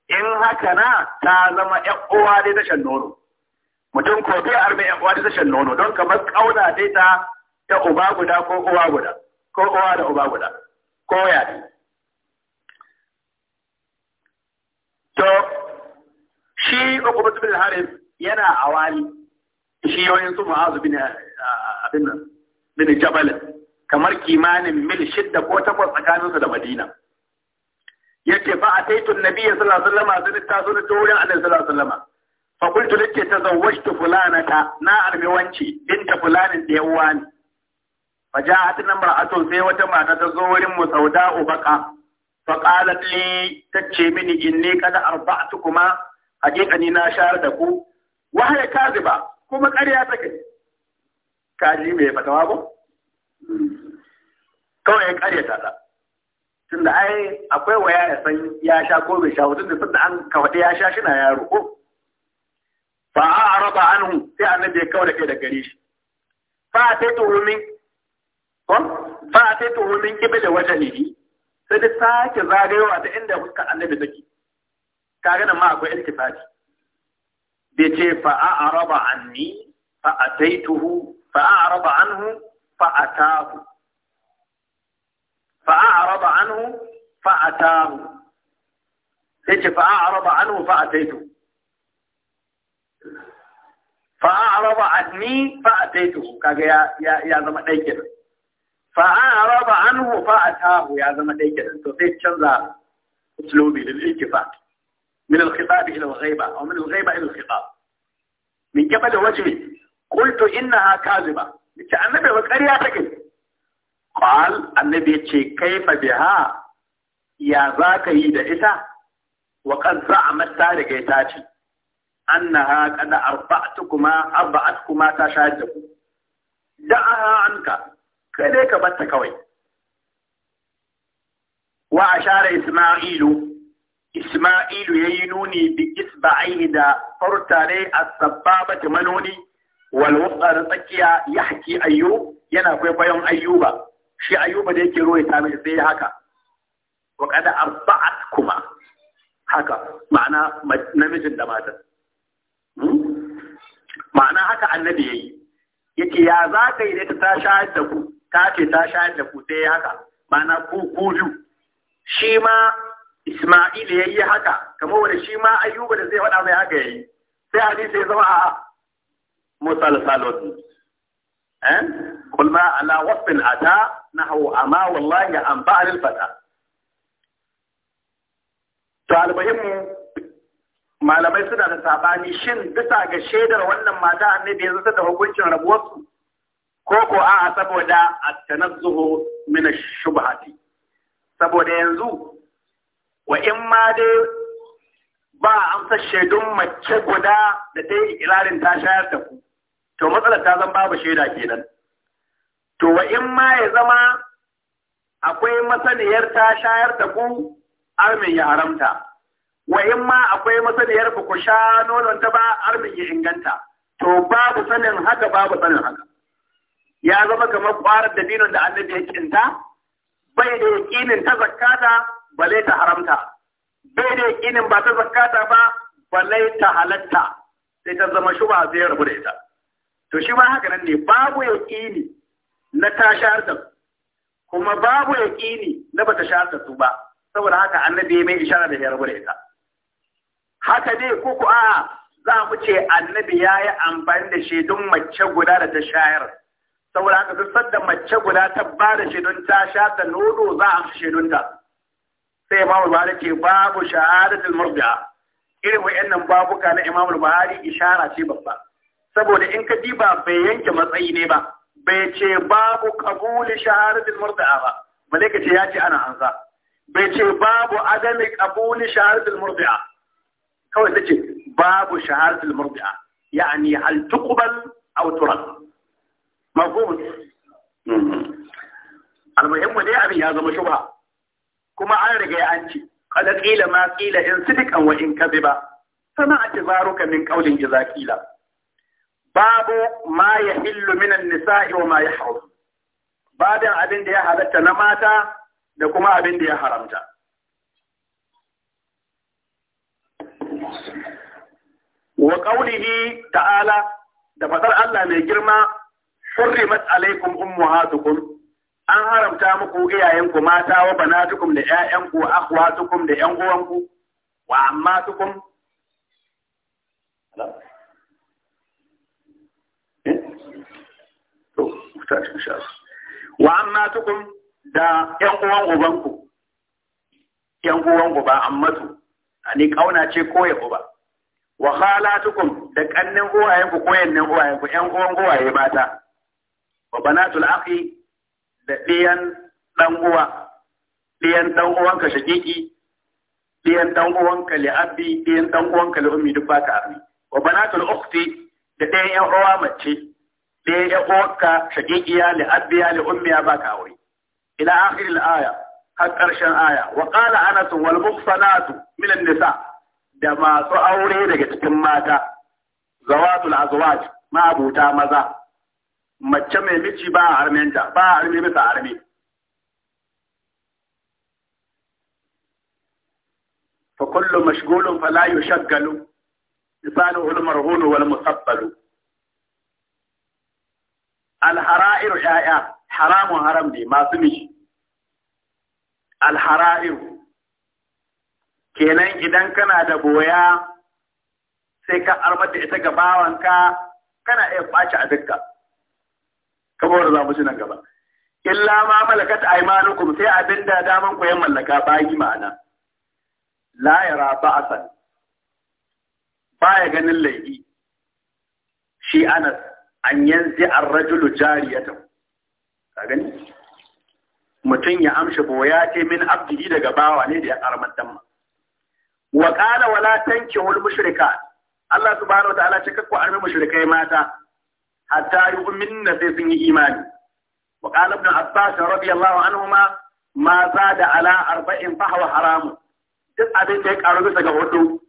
in haka na ta zama 'yan uwa dai ta shan nono mutum ko bai arme 'yan uwa dai ta shan nono don kamar kauna dai ta ta uba guda ko uwa guda ko uwa da uba guda ko ya ne to shi ukubatu bin harith yana awali shi yoyin su mu'azu bin abin nan bin jabalin kamar kimanin mil shidda ko takwas tsakaninsu da Madina. Yace fa nabi ya sallallahu alaihi wasallam sun ta zo ta wurin Annabi sallallahu alaihi wasallam. Fa qultu ta tazawwajtu fulanata na arbi wanci binta fulanin da yawa ne. Fa ja'at ato sai wata mata ta zo wurin mu sauda ubaka Fa qalat li tace mini inni kad arba'tukuma hakika ni na shar da ku. Wahaya kaziba kuma ƙarya take. Kaji mai fatawa ba? kawai ya kare ta ta tunda ai akwai waya ya san ya sha ko bai sha tun da an kawai ya sha shi na yaro ko fa a raba anhu sai annabi ya kawai da kai da gare shi fa a sai tuhumin ko fa a sai tuhumin kibe da wata ne sai da sake zagayowa ta inda fuskar annabi take kaga nan ma akwai iltifati bai ce fa a raba anni fa a sai tuhu fa a raba anhu فأتاه فأعرض عنه فأتاه يجي فأعرض عنه فأتيته فأعرض عني فأتيته كاجا يا يا يا زما ديكر فأعرض عنه فأتاه يا زما ديكر kenan to sai اسلوبي للالتفات من الخطاب إلى الغيبة أو من الغيبة إلى الخطاب من قبل وجهي قلت إنها كاذبة yace annabi ba ƙarya take qal annabi yace kaifa biha ya zaka yi da ita wa qad za'amat ta riga ta ce annaha qad arba'atukuma arba'atukuma ta shahada ku da'aha anka kai dai ka batta kawai wa ashara isma'ilu isma'ilu yayi nuni bi isba'ihi da furtare as-sabbabati manoni wal wusta tsakiya ya haƙi ayyub yana kwaikwayon ayyuba shi ayyuba da yake ruwaita ta sai haka wa kada arba'at kuma haka ma'ana namijin da matan hmm? ma'ana haka annabi yayi yake ya za ka yi ta ta shayar da ku ta ce ta shayar da ku sai haka ma'ana ku ku biyu shi ma Isma'il yayi haka kamar wanda shi ma Ayyuba da zai faɗa mai haka yayi sai hadisi ya zama a musalsalun قل ما على وصف wallahi نحو أما والله أنباء للفتى فالمهم malamai suna da sabani shin bisa ga shaidar wannan mata annabi ya zata da hukuncin rabuwarsu ko ko a saboda at-tanazzuhu min ash-shubhati saboda yanzu wa in ma dai ba amsa shaidun mace guda da ta yi ikirarin ta shayar da ku to matsalar ta zan babu shaida kenan to wa in ma ya zama akwai masaniyar ta shayar da ku armin ya haramta wa in ma akwai masaniyar ba ku sha nonon ta ba armin ya inganta to babu sanin haka babu sanin haka ya zama kamar kwarar da dinin da annabi ya kinta bai da yakinin ta zakata bale ta haramta bai da yakinin ba ta zakata ba balai ta halatta sai ta zama shuba sai ya rabu ita to shi ma haka nan ne babu yaƙini na ta shahar kuma babu yaƙini na bata shahar su ba saboda haka annabi mai ishara da ya rabu da ita haka ne ku a za mu ce annabi ya yi amfani da shaidun mace guda da ta shayar saboda haka duk sadda mace guda ta ba da shaidun ta sha nodo za a fi shaidunta sai imamu buhari ce babu shahadatul murdi'a irin wa'annan babuka na imamu buhari ishara ce babba saboda in ka diba bai yanke matsayi ne ba bai ce babu kabuli shaharatul murda'a ba bale ka ce ya ce ana ansa bai ce babu adami kabuli shaharatul murda'a kawai ta ce babu shaharatul murda'a yani hal tuqbal aw turad mafhum mm-hmm. almuhimmu dai abin ya zama shubha kuma an riga an ce kada qila ma qila in sidqan wa in kadhiba sama atibaruka min qawlin giza kila. babu ma ya hillu minan nisa wa ma ya haru babin abin da ya halatta na mata da kuma abin da ya haramta wa ƙaunihi ta'ala da fadar Allah mai girma matsalaikun alaikum hatukun, an haramta muku iyayenku mata wa banatukum da 'ya'yanku, wa da ‘yan’uwanku, uwanku wa tukun. ta tushe su wa amma tukum da yan uwan ubanku yan uwan uba ammatu ani kauna ce ko ya uba wa khalatukum da ƙannin uwayenku ko yannin uwayenku yan uwan uwaye mata wa banatul akhi da ɗiyan dan uwa ɗiyan dan uwanka shakiki ɗiyan dan uwanka li abbi ɗiyan dan uwanka li ummi duk baka arni wa banatul ukhti da ɗayan yan uwa mace إلى آخر الآية هكرش الآية وقال أنا والمخصنات من النساء دما أوري لقد تماتا زوات الأزواج ما بوتا مزا ما تشمي بيتي باع عرمي انت با عرمي بيتا عرمي فكل مشغول فلا يشغل لسانه المرهون والمقبل alhara'ir ya'ya haramun haram ne masu mishi alhara'ir kenan idan kana da boya sai ka armar ita ga bawanka kana iya ɓaci a dukka kamar wanda za mu ci nan gaba illa ma malakat aymanukum sai abin da daman ku ya mallaka bayi ma'ana la yara Ba ya ganin laifi shi Anas an yanzu an rajulu jariyatan ka gani mutum ya amshi ya ce min abdihi daga bawa ne da ya karamar damma wa qala wala tankihul mushrikat Allah subhanahu wataala ce kakku armi mushrikai mata hatta yu'minna sai sun yi imani wa qala ibn abbas radiyallahu anhuma ma zada ala arba'in fa huwa haram duk abin da ya karu bisa ga hudu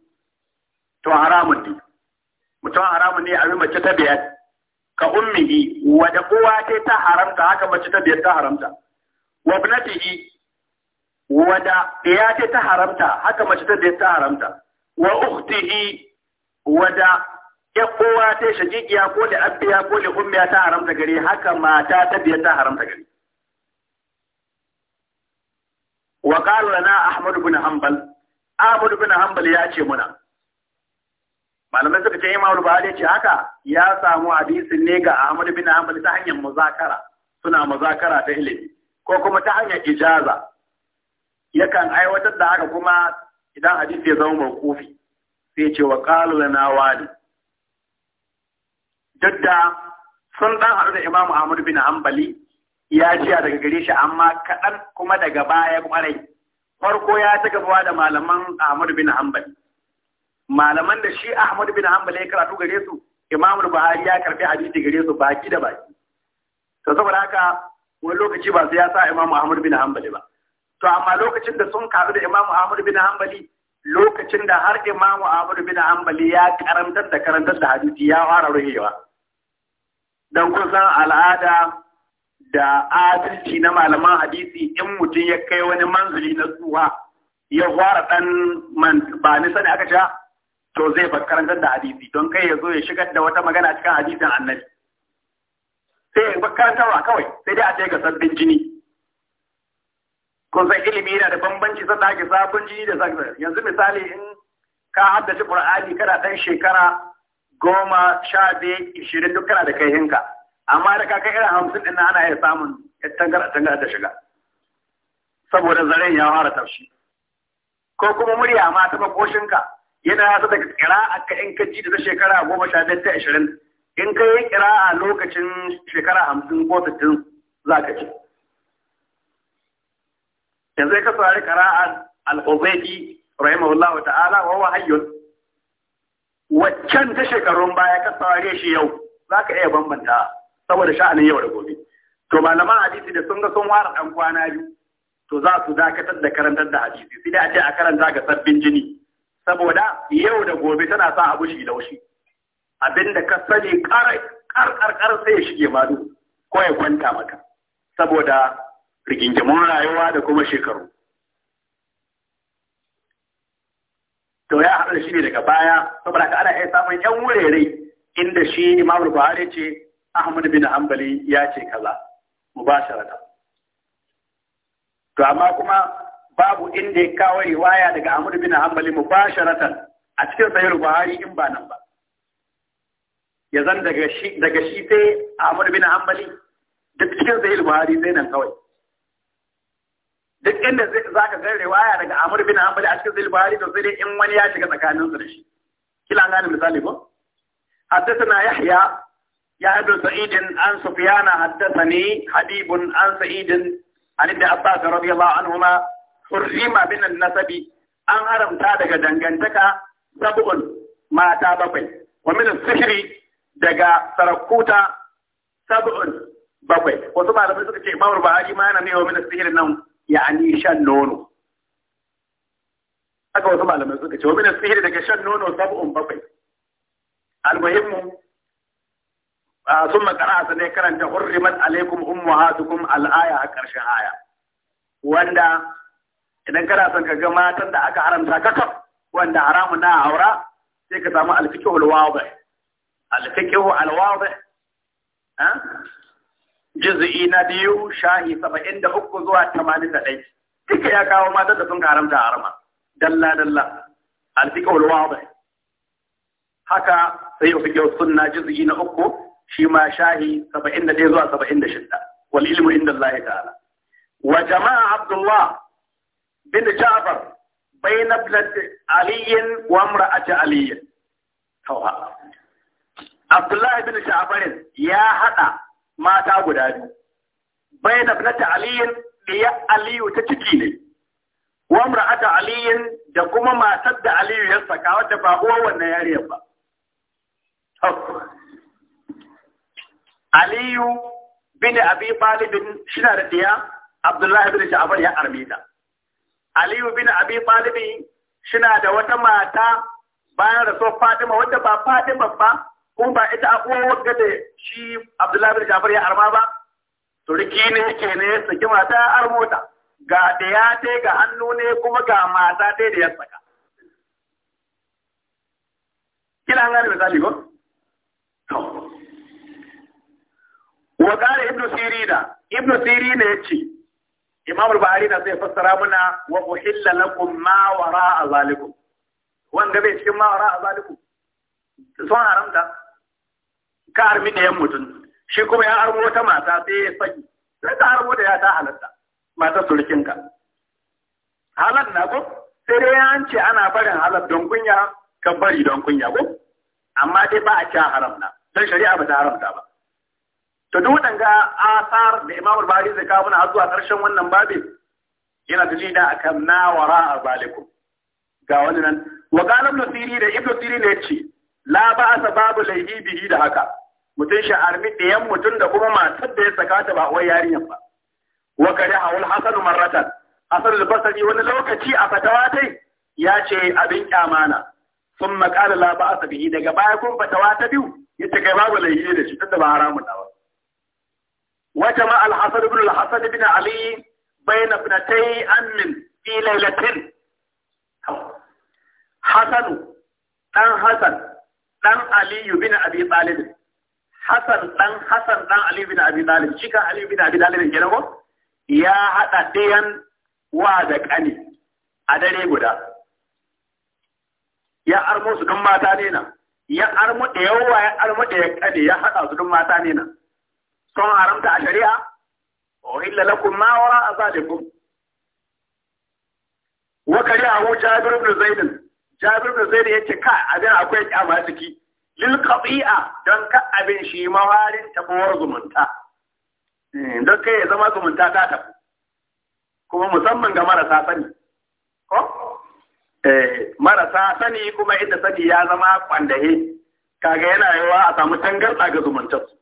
to haramun ne mutum haramun ne a mace ta biyar ka ummihi wadda uwa ce ta haramta haka mace ta biyar ta haramta wa ibnatihi wadda ɗaya ce ta haramta haka mace ta biyar ta haramta wa ukhtihi wadda ya uwa ta shajigiya ko da abiya ko da ummiya ta haramta gare haka mata ta biyar ta haramta gare wa qala lana ahmad ibn hanbal ahmad ibn hanbal ya ce muna malamai suka ce imam al-bukhari ce haka ya samu hadisin ne ga ahmad bin hanbal ta hanyar muzakara suna muzakara ta ilimi ko kuma ta hanyar ijaza yakan aiwatar da haka kuma idan hadisi ya zama mawqufi sai ce wa qalu lana wali dadda sun dan haɗu da imam ahmad bin hanbali ya ciya daga gare shi amma kaɗan kuma daga baya kwarai farko ya ta gabawa da malaman ahmad bin hanbali malaman da shi Ahmad bin Hanbal ya karatu gare su Imam Buhari ya karbi hadisi gare su baki da baki to saboda haka wani lokaci ba sai ya sa Imam Ahmad bin Hanbal ba to amma lokacin da sun karu da Imam Ahmad bin Hanbali lokacin da har Imam Ahmad bin Hanbali ya karantar da karantar da hadisi ya fara ruhewa dan kusan al'ada da adalci na malaman hadisi in mutum ya kai wani manzili na tsuwa ya fara dan man ba ni sani aka ce to zai karantar da hadisi don kai ya zo ya shigar da wata magana cikin hadisin annabi sai ya wa kawai sai dai a ce ga sabbin jini kun san ilimi yana da bambanci sai ake sabon jini da sabon yanzu misali in ka haddace qur'ani kana dan shekara goma sha biyu ishirin duk kana da kai hinka amma da ka kai irin hamsin din ana iya samun tangar tangar da shiga saboda zaren ya fara taushi ko kuma murya ma ta makoshinka yana yasa daga ƙira'a ka in ka ji da shekara goma sha biyar ta ashirin in ka yi ƙira'a lokacin shekara hamsin ko sittin za ka ci. Yanzu ka saurari ƙira'a al'ubaiki ubaydi rahimahullahu ta'ala wa wa hayyun waccan ta shekarun baya ka saurare shi yau za ka iya bambanta saboda sha'anin yau da gobe. To malaman hadisi da sun ga sun ware ɗan kwana biyu to za su dakatar da karantar da hadisi sai dai a ce a karanta ga sabbin jini. saboda yau da gobe tana sa abu shi laushi abinda ka sani karkarkar sai ya shige madu ko ya kwanta maka saboda rigingimun rayuwa da kuma shekaru to ya haɗu shi ne daga baya saboda ka ana iya samun yan wurare inda shi imamul buhari ce ahmad bin hanbali ya ce kaza mubasharatan to amma kuma babu inda ya kawo riwaya daga Ahmad bin Hanbali mubasharatan a cikin sahih Buhari in ba nan ba ya zan daga shi daga shi sai Ahmad bin Hanbali duk cikin sahih Buhari sai nan kawai duk inda za ka san riwaya daga Ahmad bin Hanbali a cikin sahih Buhari to sai dai in wani ya shiga tsakanin su da shi kila gane misali ko حدثنا يحيى يا ابن سعيد عن سفيان حدثني حبيب عن سعيد عن ابن عباس رضي الله عنهما hurrima min nasabi an haramta daga dangantaka sab'un mata bakwai wa min sihri daga sarakuta sab'un bakwai wasu malamai suka ce imamul bahari ma yana ne wa min sihri nan ya'ani shan nono haka wasu malamai suka ce wa min sihri daga shan nono sab'un bakwai almuhimmu muhimmu ثم قرأت ne karanta hurrimat alaikum ummahatukum al-aya a ƙarshen aya wanda idan kana son ka ga matan da aka haramta kakaf wanda haramun na aura sai ka samu alfikihu alwadi alfikihu alwadi juz'i na biyu shahi saba'in da uku zuwa tamanin da ɗai duka ya kawo matan da sun haramta harama dalla dalla alfikihu alwadi haka sai alfikihu sunna juz'i na uku shi ma shahi saba'in da ɗaya zuwa saba'in da shidda wal ilmu inda Allah ta'ala wa jama'a Abdullah bin Ja'far bayna ibnat Ali wa imra'ati Ali tawa Abdullah ibn Ja'far ya hada mata guda biyu bayna ibnat Ali diya Ali ta ciki ne wa imra'ati Ali da kuma matar da Ali ya saka wata ba uwar wannan yariyar ba Aliyu bin Abi Talib shi da ɗiya Abdullah ibn Ja'far ya armita Aliyu bin Abi Talibi shina da wata mata bayan rasuwar Fatima wadda ba Fatima ba ko ba ita abuwa wadda da shi Abdullahi bin Jafar ya arma ba turki ne ke ne saki mata ya armo ta ga ɗaya ta ga hannu ne kuma ga mata ta da ya saka kila an gane misali ko wa qala Ibn sirina Ibn sirina ce, Imam Buhari na sai fassara muna wa uhilla lakum ma wara zalikum. Wanda bai cikin ma wara zalikum. Sun haramta. Ka armi da yan mutum. Shi kuma ya armo wata mata sai ya saki. Sai ka armo da ya ta halatta. Matar surukinka. Halar na ko? Sai dai an ce ana barin halar don kunya kan bari don kunya ko? Amma dai ba a cikin haram na. Don shari'a ba ta haramta ba. to duk waɗanga asar da Imam al Bukhari zai kawo mana har zuwa ƙarshen wannan babin? yana da jida akan na wara balikum ga wani nan wa qala ibn siri da ibn siri ne yace la asa babu laifi bihi da haka mutun sha'armi da yan mutun da kuma matar da ya saka ta ba wai yarinyar ba wa kada hawul hasan marratan hasan al-basri wani lokaci a fatawa tai ya ce abin kyamana sun makala la asa bihi daga baya kun fatawa ta biyu yace kai babu laihi da shi tunda ba haramun ba وجمع الحسن بن الحسن بن علي بين ابنتي أم في ليلة حسن ɗan Hassan ɗan Aliyu bin Abi Talib Hassan ɗan Hassan ɗan Aliyu bin Abi Talib shi kan Aliyu bin Abi Talib kenan ko ya haɗa ɗayan wa da ƙani a dare guda ya armo su don mata ne ya armo da yawa ya armo da ƙani ya haɗa su don mata ne sun haramta a shari'a O uhilla lakum ma wara azalikum wa kariyahu jabir ibn zaid jabir ibn zaid yace ka abin akwai kyama ciki lil qati'a dan ka abin shi mawarin tabuwar zumunta eh, dan kai ya zama zumunta ta tafi kuma musamman ga marasa sani ko eh marasa sani kuma inda sani ya zama kwandahe kaga yana yawa a samu tangarda ga zumuntarsu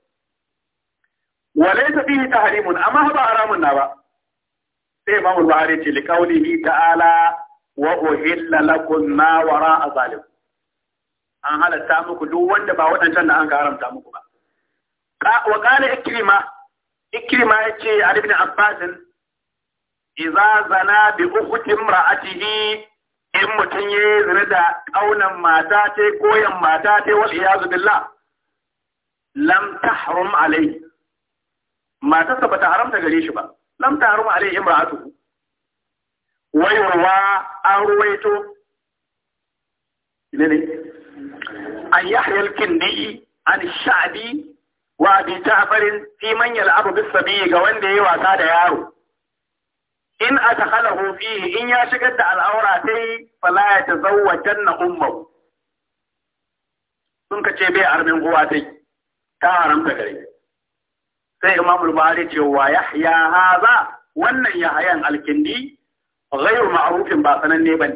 walaysa fihi tahrimun amma ba haramun na ba sai Imam Buhari ce li qaulihi ta'ala wa uhilla lakum ma wara'a zalim an halatta muku duk wanda ba waɗancan da an haramta muku ba wa qala ikrima ikrima yace Ali ibn Abbas idza zana bi ukhti imra'atihi in mutum ya zina da ƙaunan mata ta koyan mata ta wal iyazu billah lam tahrum alai matarsa ta haramta gare shi ba lam ta haruma alai imra'atuhu wa yurwa an ruwaito ne ne an yahya al-kindi an sha'bi wa bi ta'farin fi man yal'abu bis sabi ga wanda yayi wasa da yaro in atakhalahu fihi in ya shigar da al'aura sai fala ya tazawwajanna ummu sun ka ce bai armin uwa sai ta haramta gare sai Imam al buhari ce wa yahya haza wannan Al-Kindi? ghairu ma'rufin ba sananne bane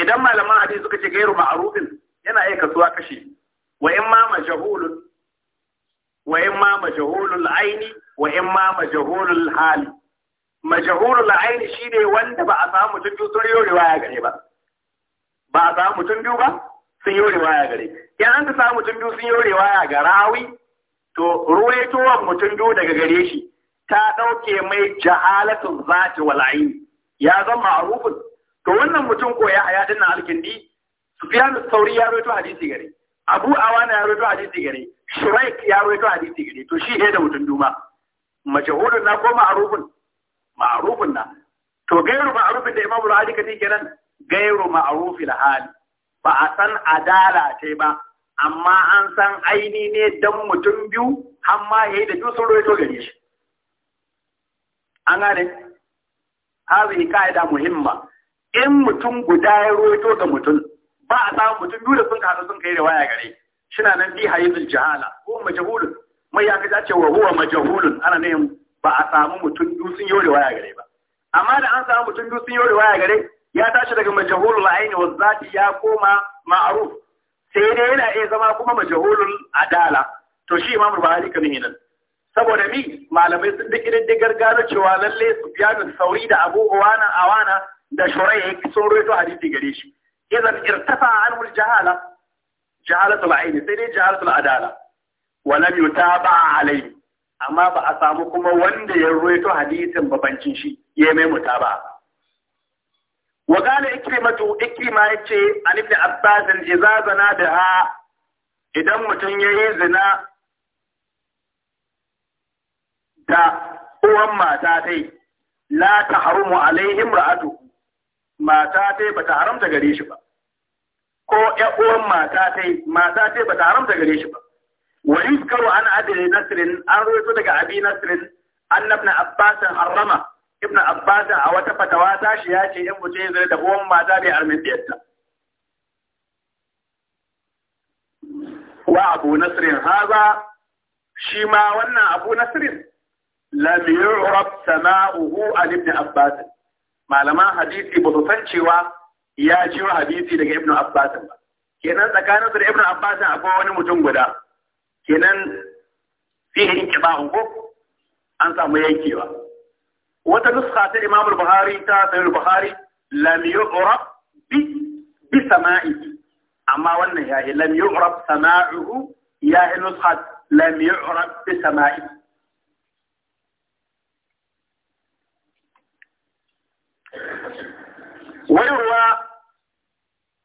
idan malaman hadisi suka ce ghairu ma'rufin yana iya kasuwa kashi wa imma ma wa in majhulul aini wa imma ma majhulul hali majhulul aini shine wanda ba a samu mutum biyu sun yi riwaya gare ba ba a samu mutum biyu ba sun yi riwaya gare in an ka samu mutum biyu sun yi riwaya ga rawi to ruwaitowar mutum biyu daga gare shi ta ɗauke mai jahalatun zati wal ya zama rufin? to wannan mutum ko ya haya dinnan alkindi Sufyan Sauri ya rawaito hadisi gare Abu Awana ya rawaito hadisi gare Shuraik ya rawaito hadisi gare to shi da mutum duma majhulun na ko a rufin na to gairu rufin da Imam Bukhari kace kenan gairu ma'rufil hali ba a san adala ce ba amma an san aini ne don mutum biyu amma yi da duk sun to gare shi an gane hazi da muhimma in mutum guda ya to ga mutum ba a samun mutum biyu da sun kasa sun kai waya gare shina nan bi hayizul jahala ko majahulun. mai ya kaza cewa huwa majahulun ana ne ba a samu mutum biyu sun yi waya gare ba amma da an samu mutum biyu sun yi waya gare ya tashi daga majahulun aini wa zati ya koma ma'ruf sai dai yana iya zama kuma majahulun adala to shi imam buhari kamin nan saboda mi malamai sun da kididdigar cewa lalle su biyanin sauri da abu uwana awana da shuraihi sun rawaito hadisi gare shi idan irtafa anhu jahala jahalatu al'aini sai dai jahalatu adala wa lam yutaba alayhi amma ba a samu kuma wanda ya rawaito hadisin babancin shi ya mai mutaba wa gane ikrimatu ikrima yace an ibn abbas idza zana biha idan mutum ya yi zina da uwan mata dai la tahrumu alaihim ra'atu mata dai ta haramta gare shi ba ko ya uwan mata dai mata dai bata haramta gare shi ba wa yuzkaru an abi nasr an rawaito daga abi nasr anna ibn abbas harrama ibn abbas a wata fatawa ta shi ya ce in mutum ya zai da uwan mata bai armin diyarta wa abu nasirin haza shi ma wannan abu nasirin lam yu'rab sama'uhu a ibn abbas malaman hadisi ba su san cewa ya wa hadisi daga ibn abbas ba kenan tsakanin su da ibn abbas akwai wani mutum guda kenan fiye fihin kiba'un ko an samu yankewa وتنسخة الإمام البخاري تاسع البخاري لم يعرف ب بسمائه أما والنهاية لم يعرف سماعه يا نسخة لم يعرف بسمائه ويروى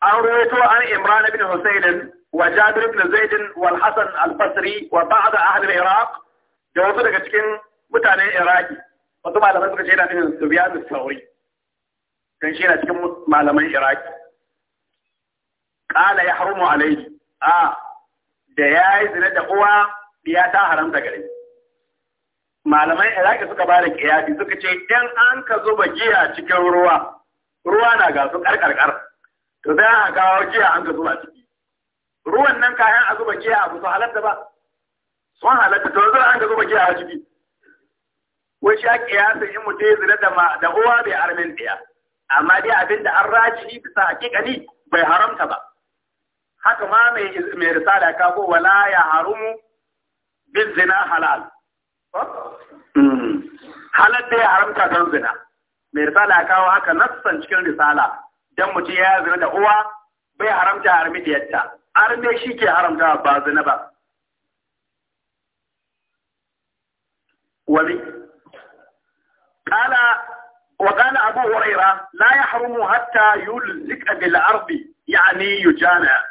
أرويته عن إمران بن حسين وجابر بن زيد والحسن البصري وبعض أهل العراق جوزوا لك متعني عراقي wasu malamai suka shaida nufin su biya da sauri don shi na cikin malaman iraki ƙala ya harumu alaihi a da ya yi zina da uwa ya ta haramta gare malaman iraki suka ba da ƙiyafi suka ce ɗan an ka zuba giya cikin ruwa ruwa na ga su karkarkar to sai a kawo giya an ka zuba ciki ruwan nan kayan a zuba giya a su halatta ba sun halatta to zai an ka zuba giya a ciki ko sha kiyasin in mutum ya zina da da uwa bai armin ɗaya amma dai abin da an raji bisa hakikani bai haramta ba haka ma mai mai risala ka ko wala ya harumu bin zina halal hmm. halal dai ya haramta don zina mai risala kawo haka nassan cikin risala dan mutum ya zina da uwa bai haramta armi ta. arme shi ke haramta ba zina ba wani قال وقال أبو هريرة لا يحرم حتى يلزق بالأرض يعني يجانا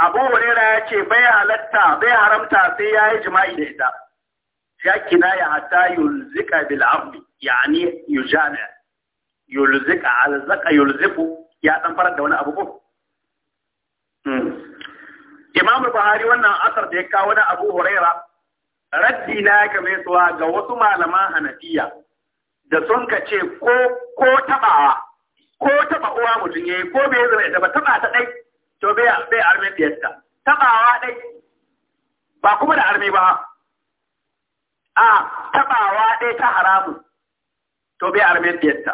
أبو هريرة يأتي بيع لتا بيع رمتا سيا يجمعي لهذا شاكنا حتى يلزق بالأرض يعني يجانا يلزق على زق يلزق ya dan farar da wani abu ko Imam Buhari wannan asar da ya kawo na Abu Huraira raddi na game suwa ga wasu malaman Hanafiya da sun ka ce ko ko tabawa ko taba uwa mutum yayi ko bai zama ita ba taba ta dai to bai bai arme fiyarta tabawa dai ba kuma da arme ba a tabawa dai ta haramu to bai arme fiyasta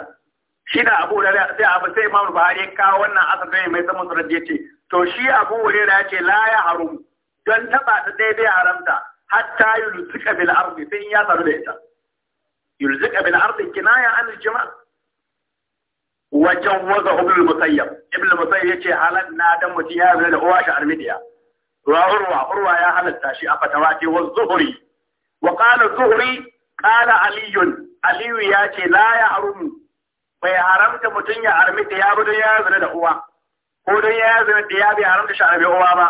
shi da abu da sai abu sai imamu buhari ya kawo wannan asabai mai saman surat ya ce to shi abu hurairah ya ce la ya haramu don taba ta dai bai haramta hatta yulsuka bil ardi sai ya saru da ita يلزق بالعرض كناية عن الجمال وجوزه ابن المسيب ابن المسيب يجي على نادم وتيها من الهواش أرميديا وأروى أروى يا هل التاشي أفتواتي والزهري وقال الزهري قال علي علي ياتي لا يحرم bai haramta mutum ya armi da ya don ya zina da uwa ko don ya zina da ya bai haramta shi armi uwa ba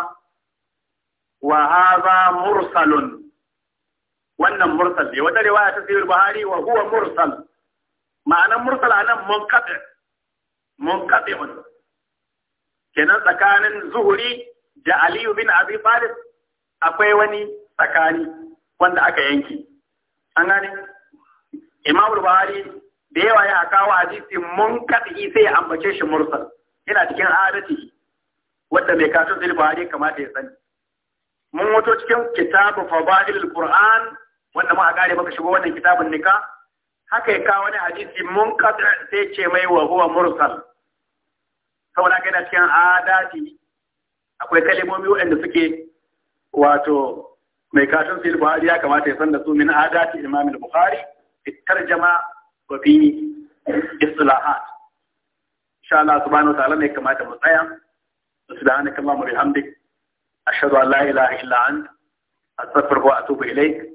wa haza mursalun wannan mursal ne wata riwaya ta sayyid buhari wa huwa mursal ma'anan mursal anan munqati munqati kenan tsakanin zuhuri da aliyu bin abi talib akwai wani tsakani wanda aka yanki an gane imam buhari da yawa ya kawo hadisi munqati sai ya ambace shi mursal yana cikin adati wanda mai kasu zil buhari kamata ya sani mun wato cikin kitabu fadailul qur'an wanda ma a kare maka shigo wannan kitabun nika haka ya kawo wani hadisi mun kasar sai ce mai wa huwa mursal saboda kai da cikin adati akwai kalimomi waɗanda suke wato mai katon sai buhari ya kamata ya san da su min adati imam al-bukhari tarjama wa fi istilahat insha Allah subhanahu wa ta'ala ne kamata mu tsaya subhanakallahumma wa bihamdik ashhadu an la ilaha illa anta astaghfiruka wa atubu ilayk